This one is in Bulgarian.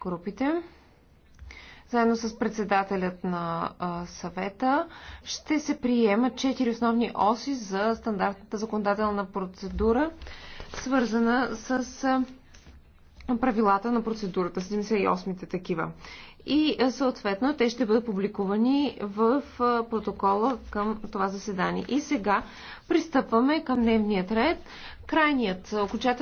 групите, заедно с председателят на съвета, ще се приемат четири основни оси за стандартната законодателна процедура, свързана с правилата на процедурата, 78-те такива. И съответно те ще бъдат публикувани в протокола към това заседание. И сега пристъпваме към дневният ред. Крайният окончателен